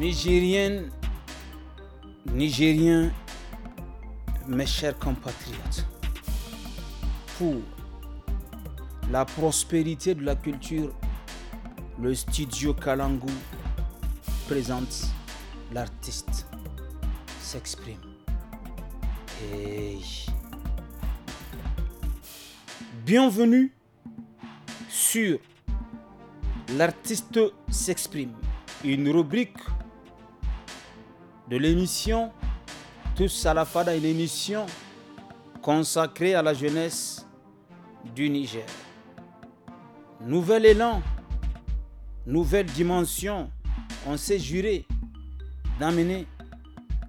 Nigériennes, Nigériens, mes chers compatriotes, pour la prospérité de la culture, le studio Kalangu présente l'artiste s'exprime. Et Bienvenue sur L'artiste s'exprime, une rubrique de l'émission Tous à la Fada, une émission consacrée à la jeunesse du Niger. Nouvel élan, nouvelle dimension, on s'est juré d'amener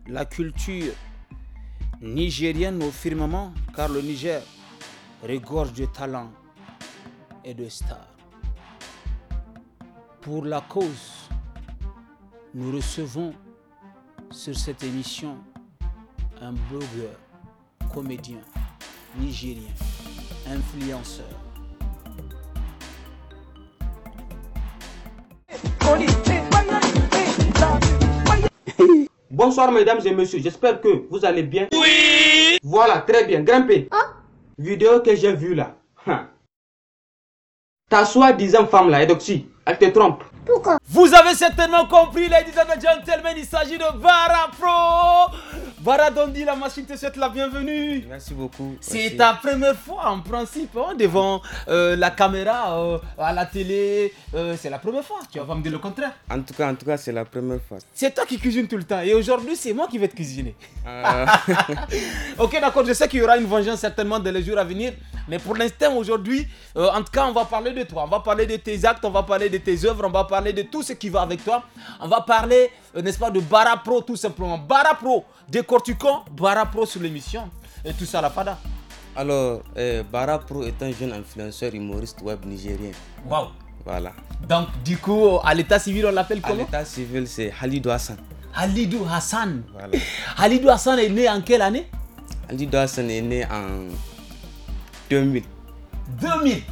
la culture nigérienne au firmament car le Niger regorge de talents et de stars. Pour la cause, nous recevons sur cette émission un blogueur, comédien, nigérien, influenceur. Bonsoir mesdames et messieurs, j'espère que vous allez bien. Oui Voilà, très bien, grimpez. Hein? Vidéo que j'ai vue là. Ta soi-disant femme là, Edoxy, elle te trompe. Vous avez certainement compris, ladies and gentlemen, il s'agit de Vara Pro. Vara Dondi, la machine te souhaite la bienvenue. Merci beaucoup. C'est ta première fois en principe hein, devant euh, la caméra, euh, à la télé. Euh, c'est la première fois. Tu vas me dire le contraire. En tout cas, en tout cas, c'est la première fois. C'est toi qui cuisines tout le temps et aujourd'hui c'est moi qui vais te cuisiner. ok, d'accord. Je sais qu'il y aura une vengeance certainement dans les jours à venir, mais pour l'instant aujourd'hui, en tout cas, on va parler de toi, on va parler de tes actes, on va parler de tes œuvres, on va parler de tout ce qui va avec toi. On va parler, euh, n'est-ce pas, de Bara Pro tout simplement. Bara Pro, cortucon Bara Pro sur l'émission. Et tout ça la fada. Alors, euh, Bara Pro est un jeune influenceur humoriste web nigérien. Waouh! Voilà. Donc, du coup, à l'état civil, on l'appelle comment l'état civil, c'est Halidou Hassan. Halidou Hassan. Voilà. Halidou Hassan est né en quelle année Halidou Hassan est né en 2000. 2000.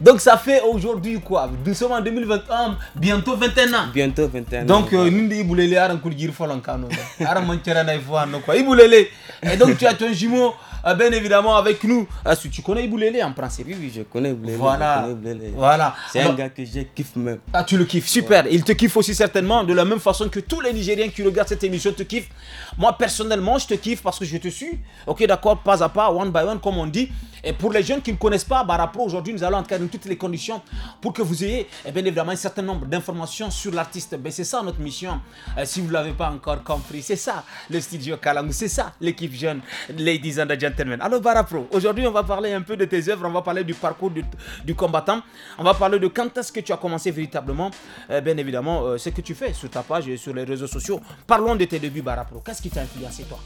Donc ça fait aujourd'hui quoi Nous sommes 2021, bientôt 21 ans. Bientôt 21 ans. Donc euh, nous iboulele aran folankano. Iboulele. Et donc tu as ton jumeau euh, bien évidemment avec nous. Ah, si tu connais Iboulele en principe. Oui, oui, je connais Iboulele. Voilà. voilà. C'est un gars que je kiffe même. Ah, tu le kiffes. Super. Il te kiffe aussi certainement de la même façon que tous les Nigériens qui regardent cette émission te kiffent. Moi personnellement, je te kiffe parce que je te suis. OK, d'accord, pas à pas, one by one comme on dit. Et pour les jeunes qui ne connaissent pas Barapro, aujourd'hui, nous allons encadrer toutes les conditions pour que vous ayez eh bien évidemment un certain nombre d'informations sur l'artiste. Ben, c'est ça notre mission. Euh, si vous ne l'avez pas encore compris, c'est ça le studio Kalangu, c'est ça l'équipe jeune, ladies and gentlemen. Alors Barapro, aujourd'hui, on va parler un peu de tes œuvres, on va parler du parcours du, combattant, on va parler de quand est-ce que tu as commencé véritablement, euh, bien évidemment, euh, ce que tu fais sur ta page et sur les réseaux sociaux. Parlons de tes débuts, Barapro. Qu'est-ce qui t'a influencé, toi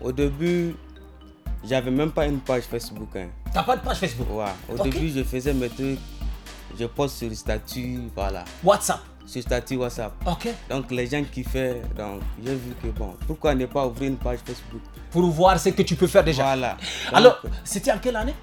Au début, j'avais même pas une page Facebook. Hein. T'as pas de page Facebook Ouais. Au début, je faisais mes trucs. Je poste sur le statut, voilà. WhatsApp Sur statut WhatsApp. Ok. Donc les gens qui font, donc j'ai vu que bon, pourquoi ne pas ouvrir une page Facebook Pour voir ce que tu peux faire déjà. Voilà. Alors, c'était en quelle année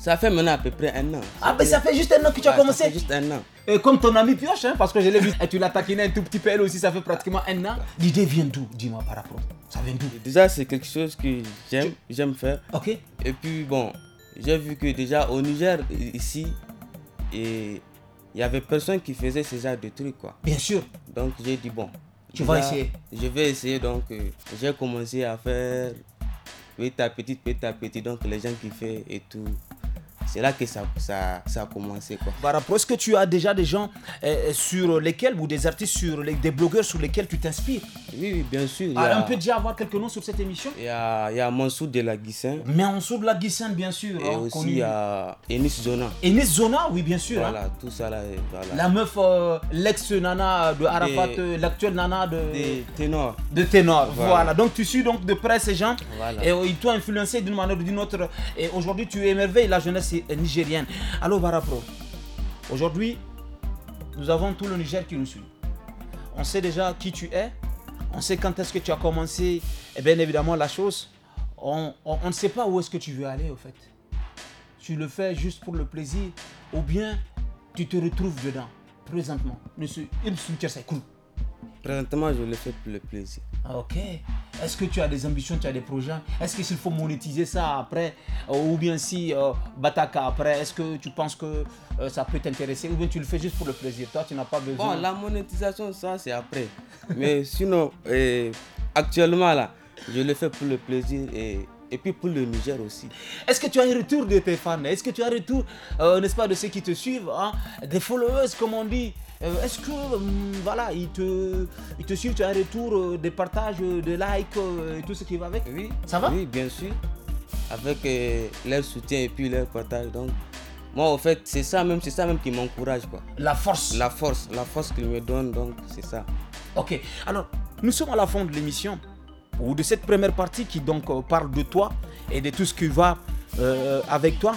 ça fait maintenant à peu près un an. Ah, mais ça fait juste un an que tu as ah, commencé juste un an. Et euh, comme ton ami Pioche, hein, parce que je l'ai vu, et tu l'as taquiné un tout petit peu, elle aussi, ça fait pratiquement un an. L'idée vient d'où, dis-moi par rapport Ça vient d'où Déjà, c'est quelque chose que j'aime, j'aime faire. Ok. Et puis, bon, j'ai vu que déjà au Niger, ici, il y avait personne qui faisait ce genre de trucs, quoi. Bien sûr. Donc, j'ai dit, bon. Tu vas essayer Je vais essayer, donc, euh, j'ai commencé à faire petit à petit, petit à petit, donc les gens qui font et tout. C'est là que ça, ça, ça, a commencé. Quoi. Par est-ce que tu as déjà des gens eh, eh, sur lesquels, ou des artistes, sur des blogueurs sur lesquels tu t'inspires oui, oui, bien sûr. Alors, ah, on peut déjà avoir quelques noms sur cette émission Il y a, y a Mansou de la Guissin. Mais de la Guissin, bien sûr. Et hein, aussi, il y a Enis Zona. Enis Zona, oui, bien sûr. Hein. Voilà, tout ça là. La meuf, euh, l'ex-nana de Arafat, euh, l'actuelle nana de. ténor. De ténor, voilà. Donc, tu suis donc de près ces gens. Et euh, ils t'ont influencé d'une manière ou d'une autre. Et aujourd'hui, tu émerveilles la jeunesse nigérienne. Allô Pro, Aujourd'hui, nous avons tout le Niger qui nous suit. On sait déjà qui tu es. On sait quand est-ce que tu as commencé. Et bien évidemment, la chose, on, ne sait pas où est-ce que tu veux aller au fait. Tu le fais juste pour le plaisir ou bien tu te retrouves dedans présentement. Monsieur coups. Présentement, je le fais pour le plaisir. Ah, ok. Est-ce que tu as des ambitions, tu as des projets Est-ce qu'il faut monétiser ça après euh, Ou bien si euh, Bataka après, est-ce que tu penses que euh, ça peut t'intéresser Ou bien tu le fais juste pour le plaisir Toi, tu n'as pas besoin. Bon, la monétisation, ça, c'est après. Mais sinon, actuellement, là, je le fais pour le plaisir et et puis pour le Niger aussi. Est-ce que tu as un retour de tes fans Est-ce que tu as un retour, euh, n'est-ce pas, de ceux qui te suivent hein? Des followers, comme on dit. Euh, est-ce que, hum, voilà, ils te, ils te suivent, tu as un retour euh, des partages, des likes et tout ce qui va avec Oui. Ça va Oui, bien sûr. Avec leur soutien et puis leur partage. Donc, moi, en fait, c'est ça même, c'est ça même qui m'encourage, quoi. La force. La force, la force qu'ils me donnent, donc c'est ça. Ok. Alors, nous sommes à la fin de l'émission ou de cette première partie qui donc euh, parle de toi et de tout ce qui va euh, avec toi,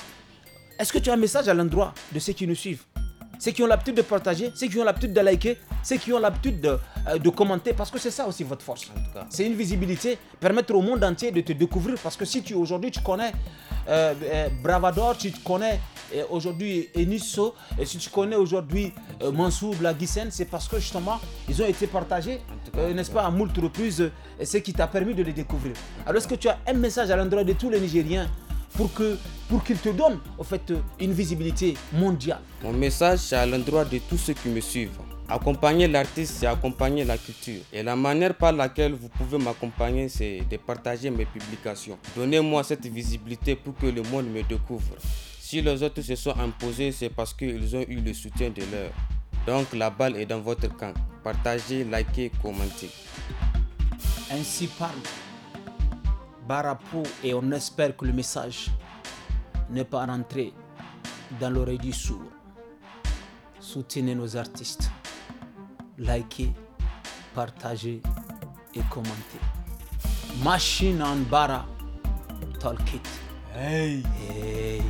est-ce que tu as un message à l'endroit de ceux qui nous suivent ceux qui ont l'habitude de partager, ceux qui ont l'habitude de liker, ceux qui ont l'habitude de, euh, commenter, parce que c'est ça aussi votre force C'est une visibilité, permettre au monde entier de te découvrir, parce que si tu aujourd'hui tu connais euh, euh, Bravador, tu connais aujourd'hui Enisso, et si tu connais aujourd'hui Mansour Blagisen, c'est parce que justement ils ont été partagés, n'est-ce pas, à moult reprises, et ce qui t'a permis de les découvrir. Alors est-ce que tu as un message à l'endroit de tous les Nigériens pour que pour qu'il te donne en fait une visibilité mondiale. Mon message c'est à l'endroit de tous ceux qui me suivent. Accompagner l'artiste, c'est accompagner la culture. Et la manière par laquelle vous pouvez m'accompagner, c'est de partager mes publications. Donnez-moi cette visibilité pour que le monde me découvre. Si les autres se sont imposés, c'est parce qu'ils ont eu le soutien de leur. Donc la balle est dans votre camp. Partagez, likez, commentez. Ainsi parle Barapou et on espère que le message n'est pas rentré dans l'oreille du sourd. Soutenez nos artistes. Likez, partagez et commentez. Machine en Bara, talk it. hey.